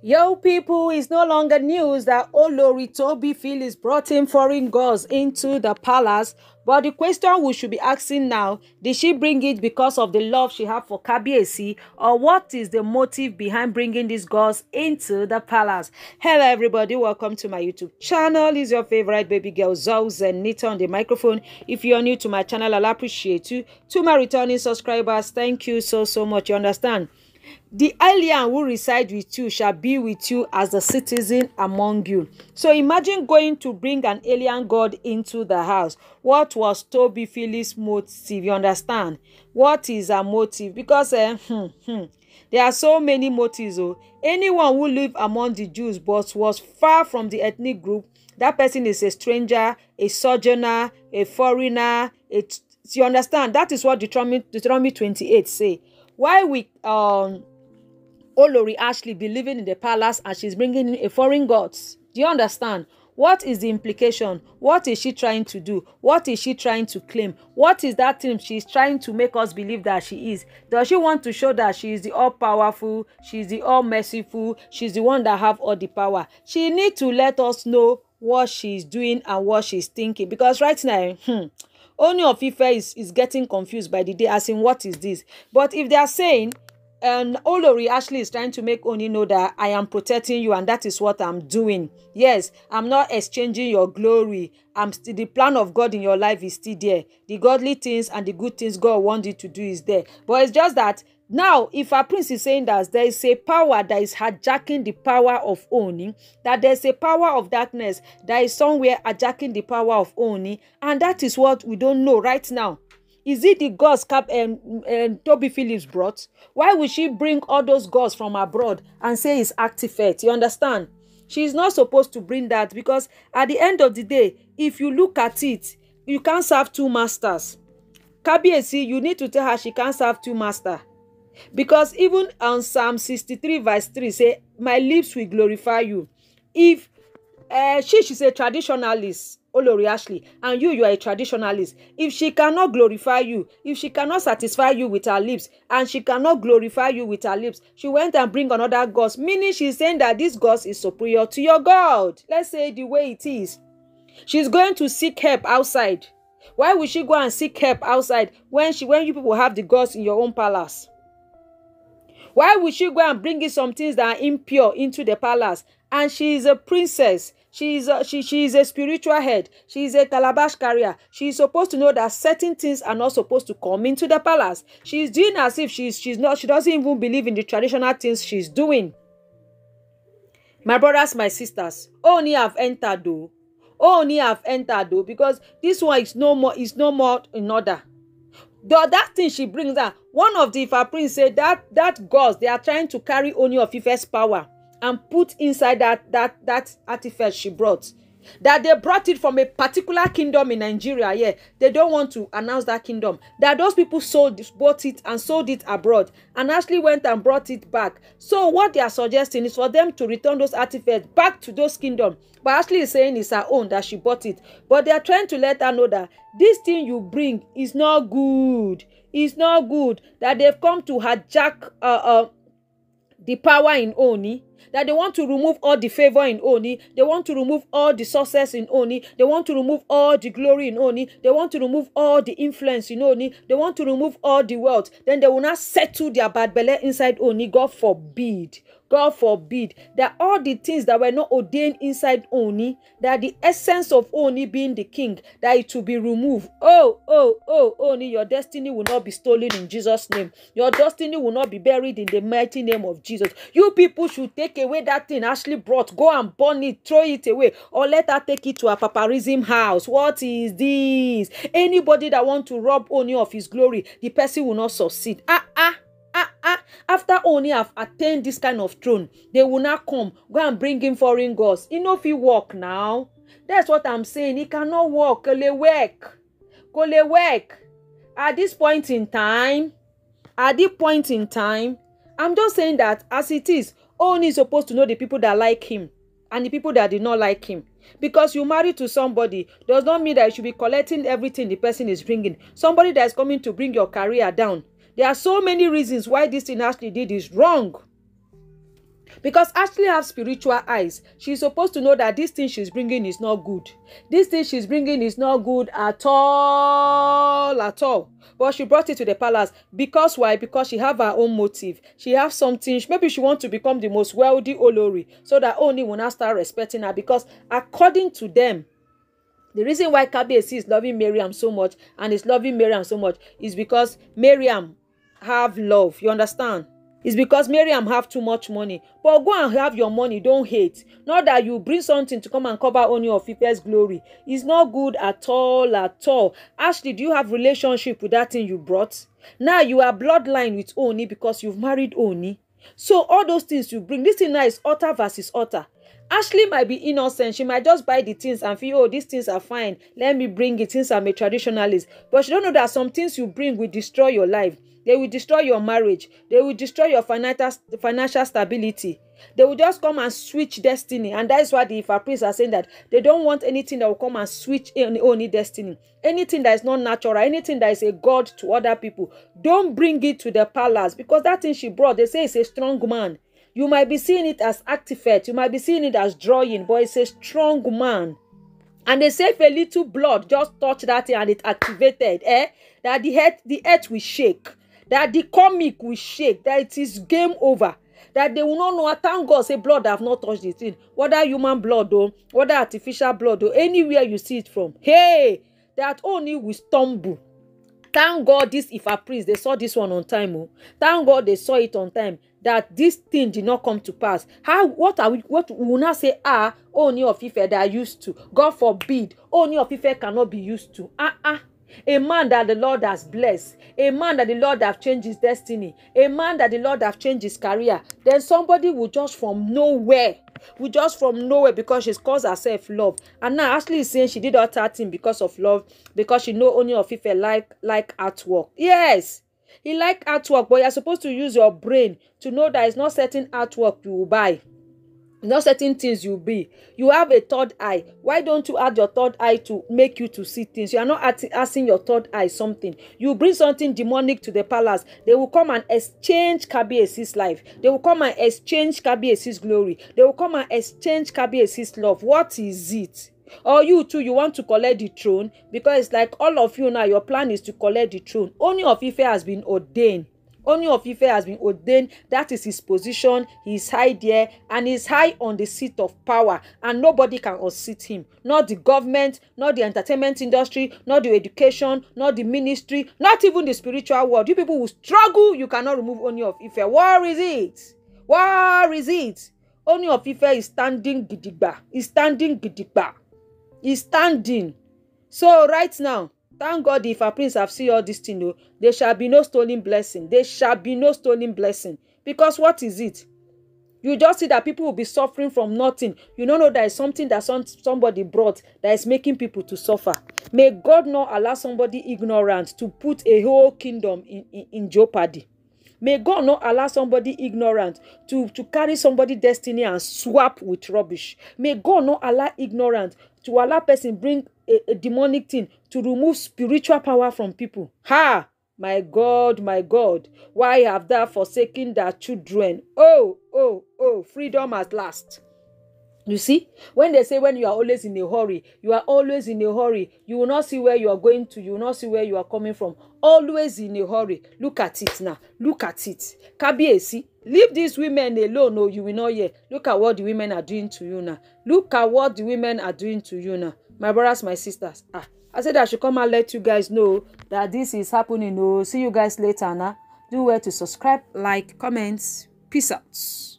Yo, people, it's no longer news that Olori Toby Phillips brought in foreign girls into the palace. But the question we should be asking now, did she bring it because of the love she had for Kabiesi? Or what is the motive behind bringing these girls into the palace? Hello, everybody. Welcome to my YouTube channel. Is your favorite baby girl, Zouz and Nita on the microphone. If you're new to my channel, I'll appreciate you. To my returning subscribers, thank you so, so much. You understand? The alien who reside with you shall be with you as a citizen among you. So imagine going to bring an alien god into the house. What was Toby Phillips' motive? You understand? What is a motive? Because uh, hmm, hmm, there are so many motives. Oh. Anyone who lived among the Jews but was far from the ethnic group, that person is a stranger, a sojourner, a foreigner. you understand? That is what Deuteronomy, Deuteronomy 28 say. Why we um Olori Ashley be living in the palace and she's bringing in a foreign gods? Do you understand? What is the implication? What is she trying to do? What is she trying to claim? What is that thing she's trying to make us believe that she is? Does she want to show that she is the all-powerful, She is the all-merciful, She is the one that have all the power? She need to let us know what she is doing and what she is thinking because right now, hmm, Only of Ife is, is getting confused by the day, as in what is this? But if they are saying, and Olori actually is trying to make Oni know that I am protecting you and that is what I'm doing. Yes, I'm not exchanging your glory. I'm still, the plan of God in your life is still there. The godly things and the good things God wanted to do is there. But it's just that now, if our prince is saying that there is a power that is hijacking the power of owning, that there's a power of darkness that is somewhere hijacking the power of owning, and that is what we don't know right now. Is it the gods Cap and, um, and um, Toby Phillips brought? Why would she bring all those gods from abroad and say it's artifact? You understand? She's not supposed to bring that because at the end of the day, if you look at it, you can't serve two masters. Kabiesi, you need to tell her she can't serve two masters because even on Psalm 63, verse 3, say, My lips will glorify you. If uh, she, she's a traditionalist, Olori Ashley, and you, you are a traditionalist. If she cannot glorify you, if she cannot satisfy you with her lips, and she cannot glorify you with her lips, she went and bring another God, meaning she's saying that this God is superior to your God. Let's say the way it is. She's going to seek help outside. Why would she go and seek help outside when she when you people have the gods in your own palace? Why would she go and bring in some things that are impure into the palace? And she is a princess. She is a, she, she is a spiritual head. She is a calabash carrier. She is supposed to know that certain things are not supposed to come into the palace. She is doing as if she's she's not she doesn't even believe in the traditional things she's doing. My brothers, my sisters, only have entered though. Only have entered though because this one is no more is no more in order. the that thing she brings her one of the Ifa prince say that that gods they are trying to carry Ooni of Ife's power and put inside that that that artifact she brought that they brought it from a particular kingdom in Nigeria yeah they don't want to announce that kingdom that those people sold bought it and sold it abroad and actually went and brought it back so what they are suggesting is for them to return those artifacts back to those kingdom but Ashley is saying it's her own that she bought it but they are trying to let her know that this thing you bring is not good it's not good that they've come to hijack uh, uh, the power in Oni that they want to remove all the favor in Oni. They want to remove all the success in Oni. They want to remove all the glory in Oni. They want to remove all the influence in Oni. They want to remove all the wealth. Then they will not settle their bad belly inside Oni. God forbid. God forbid that all the things that were not ordained inside Oni, that the essence of Oni being the king, that it will be removed. Oh, oh, oh, Oni, your destiny will not be stolen in Jesus' name. Your destiny will not be buried in the mighty name of Jesus. You people should take take away that thing Ashley brought. Go and burn it, throw it away, or let her take it to her paparism house. What is this? Anybody that want to rob Oni of his glory, the person will not succeed. Ah ah. Ah, ah, after Oni have attained this kind of throne, they will not come. Go and bring in foreign gods. You e know if he work now. That's what I'm saying. He cannot walk. Kò lè work. Go le work. At this point in time, at this point in time, I'm just saying that as it is, Only supposed to know the people that like him and the people that did not like him. Because you marry to somebody does not mean that you should be collecting everything the person is bringing. Somebody that is coming to bring your career down. There are so many reasons why this thing actually did is wrong because Ashley have spiritual eyes she's supposed to know that this thing she's bringing is not good this thing she's bringing is not good at all at all but she brought it to the palace because why because she have her own motive she have something maybe she want to become the most wealthy olori so that only will now start respecting her because according to them the reason why Kabiyesi is loving Mariam so much and is loving Mariam so much is because Mariam have love you understand It's because Miriam have too much money. But go and have your money. Don't hate. Not that you bring something to come and cover only your Ife's glory. It's not good at all, at all. Ashley, do you have relationship with that thing you brought? Now you are bloodline with Oni because you've married Oni. So all those things you bring, this thing now is utter versus utter. Ashley might be innocent. She might just buy the things and feel, oh, these things are fine. Let me bring it since I'm a traditionalist. But she don't know that some things you bring will destroy your life. They will destroy your marriage. They will destroy your financial stability. They will just come and switch destiny. And that is why the Ifa priests are saying that they don't want anything that will come and switch only destiny. Anything that is not natural, anything that is a god to other people, don't bring it to the palace because that thing she brought, they say it's a strong man. You might be seeing it as artifact, you might be seeing it as drawing, but it's a strong man. And they say if a little blood just touch that thing and it activated, eh? That the earth, the earth will shake. that the comic will shake that it is game over that they will not know thank god say blood have not touched the thing whether human blood o whether artificial blood o anywhere you see it from hey that only will stumble thank god this if a priest they saw this one on time oh. thank god they saw it on time that this thing did not come to pass how what are we what we will now say ah only of Ife that are used to god forbid only of Ife cannot be used to ah uh ah a man that the Lord has blessed, a man that the Lord have changed his destiny, a man that the Lord have changed his career, then somebody will just from nowhere, will just from nowhere because she's caused herself love. And now Ashley is saying she did all that thing because of love, because she know only of if like like artwork. Yes. He like artwork, but you're supposed to use your brain to know that it's not certain artwork you will buy. not certain things you be you have a third eye why don't you add your third eye to make you to see things you are not asking your third eye something you bring something demonic to the palace they will come and exchange kabiesi's life they will come and exchange kabiesi's glory they will come and exchange kabiesi's love what is it or you too you want to collect the throne because it's like all of you now your plan is to collect the throne only of ife has been ordained Only of Ife has been ordained. That is his position. He is high there and he is high on the seat of power. And nobody can unseat him. Not the government, not the entertainment industry, not the education, not the ministry, not even the spiritual world. You people will struggle, you cannot remove Only of Ife. Where is it? Where is it? Only of Ife is standing gidigba. Is standing gidigba. Is standing. So right now, thank god if our prince have seen all this thing o oh, there shall be no stolen blessing there shall be no stolen blessing because what is it you just see that people will be suffering from nothing you no know there is something that some, somebody brought that is making people to suffer may god not allow somebody ignorant to put a whole kingdom in in, in jeopardy may god not allow somebody ignorant to to carry somebody destiny and swap with rubbish may god not allow ignorant to allow person bring a, a demonic thing to remove spiritual power from people. Ha! My God, my God, why have thou forsaken thy children? Oh, oh, oh, freedom at last. You see, when they say when you are always in a hurry, you are always in a hurry. You will not see where you are going to, you will not see where you are coming from. Always in a hurry. Look at it now. Look at it. see? leave these women alone. No, oh, you will not hear. Look at what the women are doing to you now. Look at what the women are doing to you now. my brothers my sisters ah i said i should come and let you guys know that this is happening oh see you guys later na do well to subscribe like comment peace out.